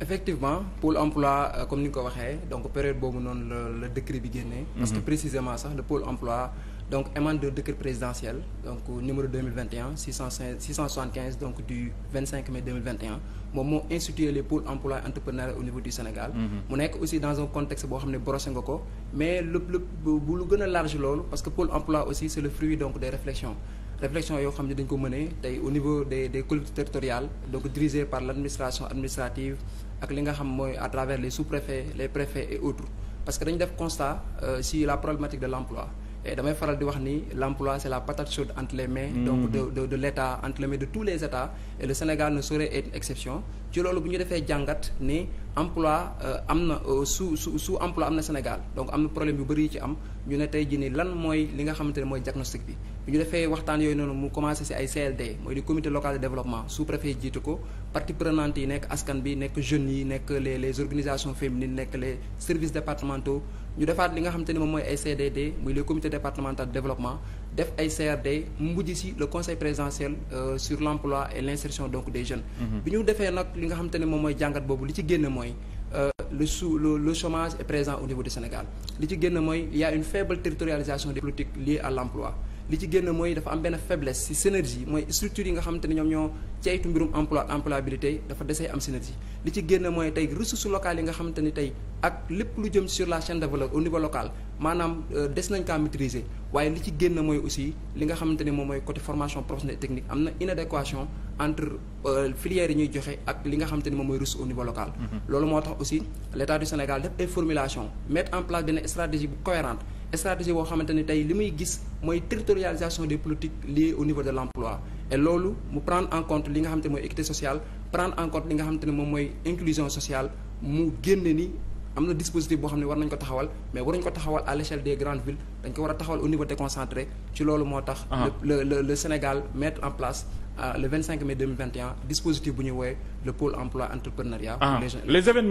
effectivement pôle emploi euh, comme ni nga ko waxee donc période boobu noonu la la décret bi génnee. Mhm. parce que précisément sax le pôle emploi donc émane de décret présidentiel donc euh, numéro 2021 605 675 donc du 25 mai 2021 moom moo institué les pôles emploi entrepreneuriat au niveau du Sénégal. Mhm. mu nekk aussi dans un contexte boo xam ne brossé nga ko mais lépp lépp bu lu gën a large loolu parce que pôle emploi aussi c'est le fruit donc des réflexions. réflexion yoo xam ne dañ ko mënee tey au niveau des des collectivités territoriales donc dirigées par l' administration administrative ak li nga xam mooy à travers les sous-préfets les préfets et autres parce que dañu def constat euh, si la problématique de l' emploi damay faral di wax ni l' emploi c' est la patate chaude entre les mains hmm. donc de de de l' entre les mains de tous les états et le Sénégal ne saurait être exception ci loolu bu ñu defee jàngat ni emploi euh, am na euh, su su sous emploi am na Sénégal donc am na problème yu bari yi ci am ñu ne tey jii nii lan mooy li nga xamante ne mooy diagnostic bi bu ñu defee waxtaan yooyu noonu mu commencé si ay CLD mooy di comité local de développement sous préfet yi jiitu ko partie prenante yi nekk askan bi nekk jeunes yi nekk les les organisations féminines nekk les services départementaux ñu defaat li nga xamante ne moom mooy ay CDD muy le comité départemental de développement def ay CRD mu mujj si le conseil présidentiel euh, sur l' emploi et l' insertion donc des jeunes. Mhm. bi ñu defee nag li nga xam ne moom mooy jàngat boobu li ci génn mooy. Euh, le sous le, le chômage est au niveau du Sénégal li ci génn mooy il une faible territorialisation des politiques liées à l'emploi li ci génn mooy dafa am benn faiblesse ci synergie mooy structure yi nga xamante ne ñoom ñoo ceytu mbirum emploi employabilité dafa desee am synergie li ci génn mooy tey ressources locales yi nga xamante ni tey ak lépp lu jëm sur la chaîne de valeur niveau local maanaam euh, des nañ kaa maîtriser waaye li ci génn mooy aussi li nga xamante ne moom mooy côté formation professionnelle technique am na inadéquation entre euh, filières yi ñuy joxe ak li nga xamante ni moom mooy ressource au niveau mm-hmm. moo tax aussi l' état du Sénégal def ay formulation mettre stratégie boo xamante ni tey li muy gis mooy territorialisation des politiques liées au niveau de l'emploi et loolu mu prendre en compte li nga xam ne mooy équité sociale prendre en compte li nga xamante ne moom mooy inclusion sociale mu génne ni am na dispositif boo xam ne war nañ ko taxawal mais waruñ ko taxawal à l'échelle des grandes villes dañ ko war a taxawal au niveau déconcentré ci loolu moo tax ah. le le le Sénégal mettre en place euh, le 25 mai 2021 dispositif bu ñuy woowee le pôle emploi entrepreneuriat pour ah. les